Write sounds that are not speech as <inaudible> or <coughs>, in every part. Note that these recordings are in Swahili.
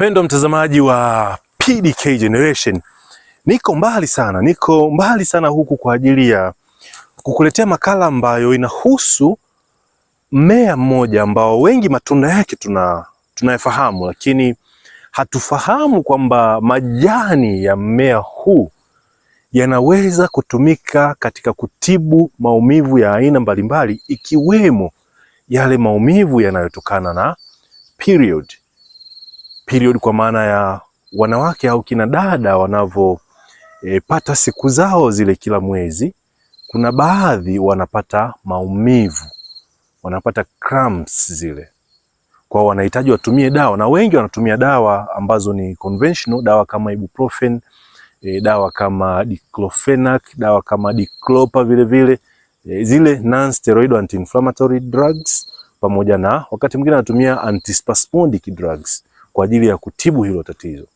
Pendo mtazamaji wa PDK Generation, niko mbali sana, niko mbali sana huku kwa ajili ya kukuletea makala ambayo inahusu mmea mmoja ambao wengi matunda yake tuna tunayafahamu, lakini hatufahamu kwamba majani ya mmea huu yanaweza kutumika katika kutibu maumivu ya aina mbalimbali, ikiwemo yale maumivu yanayotokana na period period kwa maana ya wanawake au kina dada wanavyopata eh, e, siku zao zile kila mwezi, kuna baadhi wanapata maumivu, wanapata cramps zile, kwa wanahitaji watumie dawa, na wengi wanatumia dawa ambazo ni conventional, dawa kama ibuprofen e, dawa kama diclofenac, dawa kama diclopa vile vile e, zile non steroid anti inflammatory drugs, pamoja na wakati mwingine anatumia antispasmodic drugs kwa ajili ya kutibu hilo tatizo.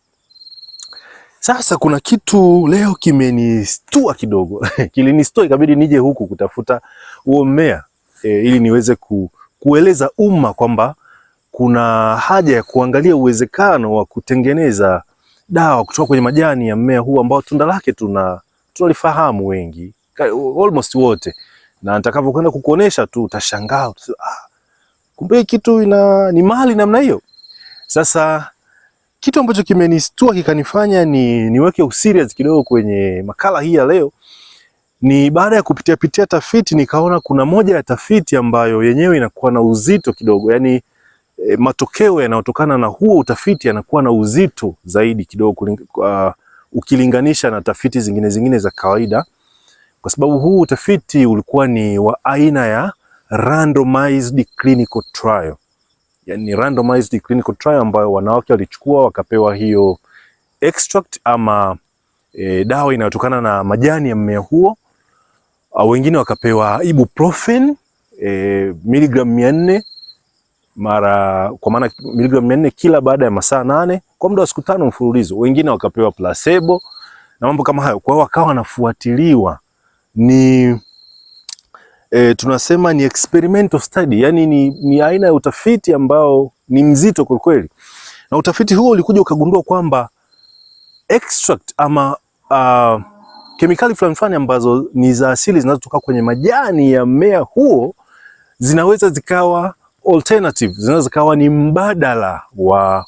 Sasa kuna kitu leo kimenistua kidogo <laughs> kilinistua, ikabidi nije huku kutafuta huo mmea e, ili niweze ku, kueleza umma kwamba kuna haja ya kuangalia uwezekano wa kutengeneza dawa kutoka kwenye majani ya mmea huu ambao tunda lake tuna tunalifahamu wengi almost wote, na nitakavyokwenda kukuonesha tu utashangaa, ah, kumbe kitu ina ni mali namna hiyo. Sasa kitu ambacho kimenistua kikanifanya ni niweke userious kidogo kwenye makala hii ya leo ni baada ya kupitia pitia tafiti nikaona kuna moja ya tafiti ambayo yenyewe inakuwa na uzito kidogo, yani e, eh, matokeo yanayotokana na huo utafiti yanakuwa na uzito zaidi kidogo uh, ukilinganisha na tafiti zingine zingine za kawaida, kwa sababu huu utafiti ulikuwa ni wa aina ya randomized clinical trial yani randomized clinical trial ambayo wanawake walichukua wakapewa hiyo extract ama e, dawa inayotokana na majani ya mmea huo. Ah, wengine wakapewa ibuprofen e, miligram mia nne mara kwa maana miligram mia nne kila baada ya masaa nane kwa muda wa siku tano mfululizo. Wengine wakapewa placebo na mambo kama hayo. Kwa hiyo wakawa wanafuatiliwa ni e, tunasema ni experimental study, yani ni, ni aina ya utafiti ambao ni mzito kwa kweli, na utafiti huo ulikuja ukagundua kwamba extract ama uh, kemikali fulani fulani ambazo ni za asili zinazotoka kwenye majani ya mmea huo zinaweza zikawa alternative, zinaweza zikawa ni mbadala wa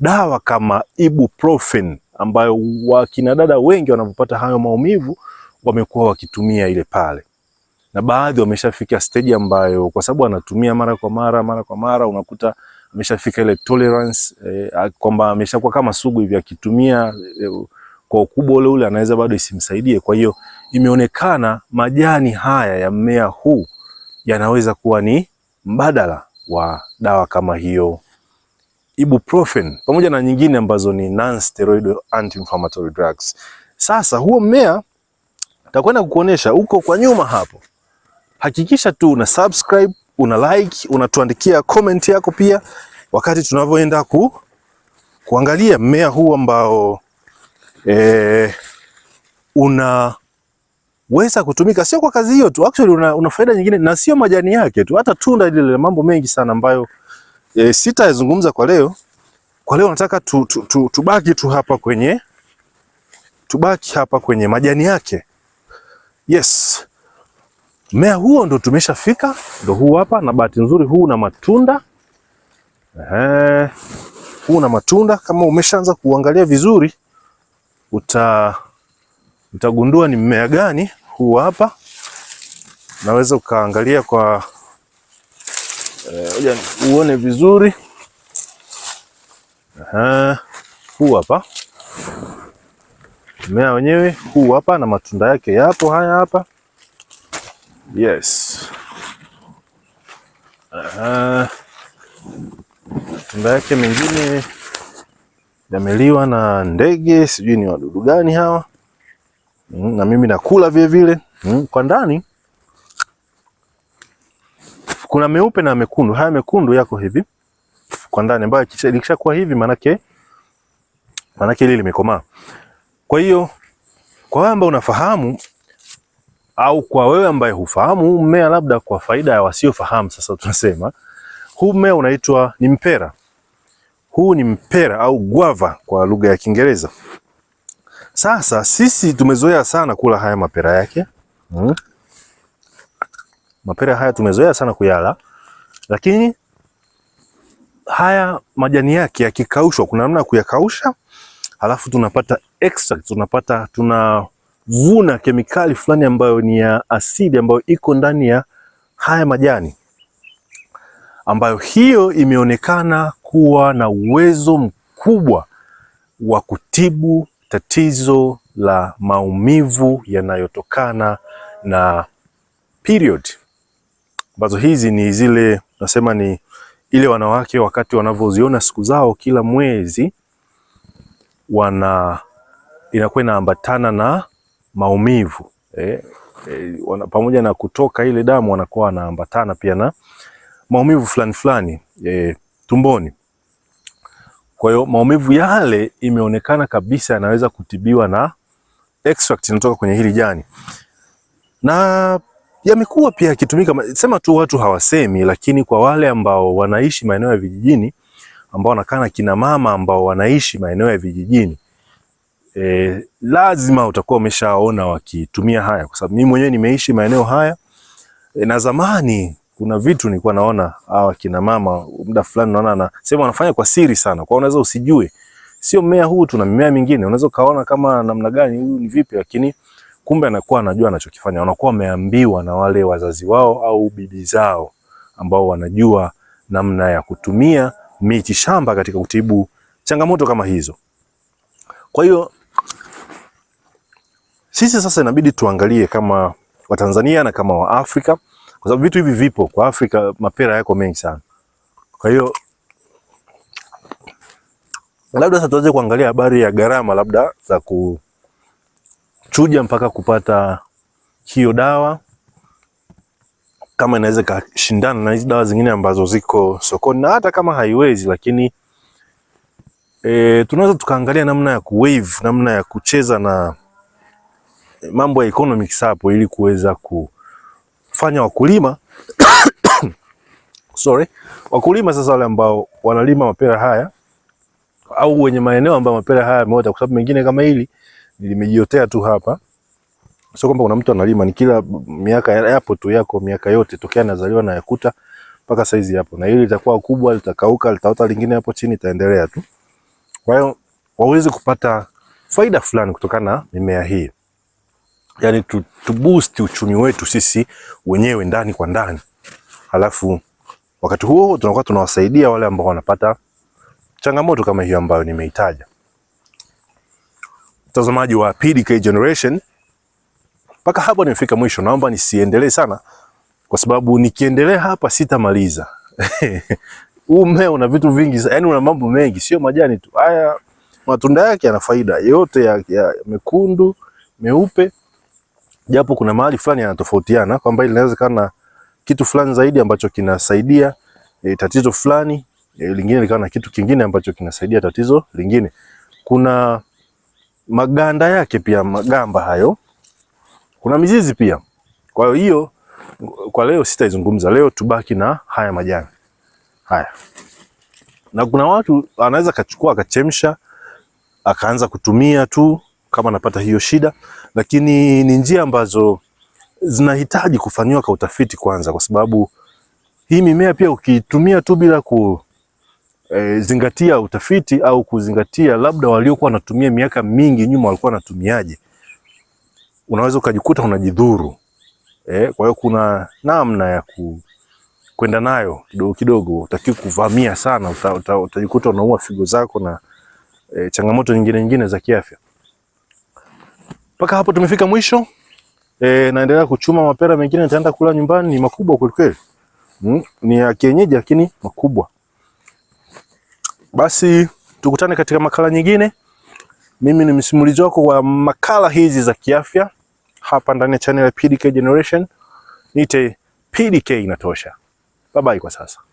dawa kama ibuprofen ambayo wakina dada wengi wanapopata hayo maumivu wamekuwa wakitumia ile pale na baadhi wameshafika stage ambayo kwa sababu anatumia mara kwa mara mara kwa mara, unakuta ameshafika ile tolerance eh, kwamba ameshakuwa kama sugu hivi akitumia eh, kwa ukubwa ule ule anaweza bado isimsaidie. Kwa hiyo imeonekana majani haya ya mmea huu yanaweza kuwa ni mbadala wa dawa kama hiyo ibuprofen, pamoja na nyingine ambazo ni non steroid anti-inflammatory drugs. Sasa huo mmea takwenda kukuonesha uko kwa nyuma hapo hakikisha tu una subscribe, una like, unatuandikia comment yako pia wakati tunavyoenda ku, kuangalia mmea huu ambao eh, unaweza kutumika sio kwa kazi hiyo tu, actually una, una faida nyingine, na sio majani yake tu, hata tunda lile, mambo mengi sana ambayo eh, sitayazungumza kwa leo. Kwa leo nataka tu, tu, tu, tubaki tu hapa kwenye tubaki hapa kwenye majani yake. Yes. Mmea huo ndo tumeshafika, ndo huu hapa, na bahati nzuri huu na matunda ehe, huu na matunda. Kama umeshaanza kuangalia vizuri, uta utagundua ni mmea gani huu hapa. Naweza ukaangalia kwa e, uone vizuri ehe, huu hapa mmea wenyewe huu hapa, na matunda yake yapo haya hapa Yes. Aha. Matunda yake mengine yameliwa na ndege, sijui ni wadudu gani hawa, hmm, na mimi nakula vile vile. Hmm, kwa ndani kuna meupe na mekundu. Haya mekundu yako hivi kwa ndani, ambayo ikishakuwa hivi, manake manake ile limekomaa. Kwa hiyo kwa wewe ambao unafahamu au kwa wewe ambaye hufahamu huu mmea, labda kwa faida ya wasiofahamu, sasa tunasema huu mmea unaitwa ni mpera. Huu ni mpera au guava kwa lugha ya Kiingereza. Sasa sisi tumezoea sana kula haya mapera yake hmm. Mapera haya tumezoea sana kuyala, lakini haya majani yake yakikaushwa, kuna namna ya kuyakausha, halafu tunapata extract, tunapata tuna vuna kemikali fulani ambayo ni ya asidi ambayo iko ndani ya haya majani ambayo hiyo imeonekana kuwa na uwezo mkubwa wa kutibu tatizo la maumivu yanayotokana na period, ambazo hizi ni zile nasema ni ile wanawake wakati wanavyoziona siku zao kila mwezi wana inakuwa inaambatana na maumivu eh, eh, pamoja na kutoka ile damu wanakuwa wanaambatana pia na maumivu fulani fulani eh, tumboni. Kwa hiyo maumivu yale imeonekana kabisa yanaweza kutibiwa na extract inatoka kwenye hili jani, na yamekuwa pia yakitumika, sema tu watu hawasemi, lakini kwa wale ambao wanaishi maeneo ya vijijini, ambao wanakaa na kina mama ambao wanaishi maeneo ya vijijini e, lazima utakuwa umeshaona wakitumia haya, kwa sababu mimi mwenyewe nimeishi maeneo haya e, na zamani kuna vitu nilikuwa naona hawa kina mama muda fulani naona na sema wanafanya kwa siri sana, kwa unaweza usijue, sio mmea huu, tuna mimea mingine, unaweza kaona kama namna gani huyu ni vipi, lakini kumbe anakuwa anajua anachokifanya. Wanakuwa wameambiwa na wale wazazi wao au bibi zao ambao wanajua namna ya kutumia miti shamba katika kutibu changamoto kama hizo. Kwa hiyo sisi sasa inabidi tuangalie kama Watanzania na kama Waafrika, kwa sababu vitu hivi vipo kwa Afrika, mapera yako mengi sana. Kwa hiyo labda sasa tuanze kuangalia habari ya gharama labda za kuchuja mpaka kupata hiyo dawa, kama inaweza ikashindana na hizi dawa zingine ambazo ziko sokoni, na hata kama haiwezi, lakini e, tunaweza tukaangalia namna ya kuwave, namna ya kucheza na mambo ya economics hapo, ili kuweza kufanya wakulima <coughs> sorry, wakulima sasa wale ambao wanalima mapera haya au wenye maeneo ambayo mapera haya yameota, kwa sababu mengine kama hili nilimejiotea tu hapa, sio kwamba kuna mtu analima, ni kila miaka yapo tu, yako miaka yote tokea nazaliwa na yakuta mpaka saizi hapo, na hili litakuwa kubwa, litakauka, litaota lingine hapo chini, itaendelea tu. Kwa hiyo waweze kupata faida fulani kutokana na mimea hii yani tu, tu boost uchumi wetu sisi wenyewe ndani kwa ndani, halafu wakati huo tunakuwa tunawasaidia wale ambao wanapata changamoto kama hiyo ambayo nimeitaja. Mtazamaji wa PDK Generation, mpaka hapo nimefika mwisho. Naomba nisiendelee sana, kwa sababu nikiendelea hapa sitamaliza. Huu <laughs> mmea una vitu vingi, yani una mambo mengi, sio majani tu. Haya matunda yake yana faida yote ya, ya mekundu, meupe japo kuna mahali fulani yanatofautiana kwamba ile inaweza kana kitu fulani zaidi ambacho kinasaidia e, tatizo fulani e, lingine likawa na kitu kingine ambacho kinasaidia tatizo lingine. Kuna maganda yake pia, magamba hayo, kuna mizizi pia. Kwa hiyo hiyo kwa leo sitaizungumza, leo tubaki na haya majani haya. Na kuna watu anaweza kachukua akachemsha akaanza kutumia tu kama anapata hiyo shida, lakini ni njia ambazo zinahitaji kufanyiwa kwa utafiti kwanza, kwa sababu hii mimea pia ukitumia tu bila ku e, zingatia utafiti au kuzingatia labda waliokuwa wanatumia miaka mingi nyuma walikuwa wanatumiaje, unaweza ukajikuta unajidhuru. E, kwa hiyo kuna namna ya ku kwenda nayo kidogo kidogo, utaki kuvamia sana, utajikuta uta, uta, unaua figo zako na e, changamoto nyingine nyingine za kiafya. Mpaka hapo tumefika mwisho. E, naendelea kuchuma mapera mengine nitaenda kula nyumbani, ni makubwa kweli kweli. Mm, ni ya kienyeji lakini makubwa. Basi tukutane katika makala nyingine. Mimi ni msimulizi wako wa makala hizi za kiafya hapa ndani ya channel ya PDK Generation. Nite PDK inatosha. Bye bye kwa sasa.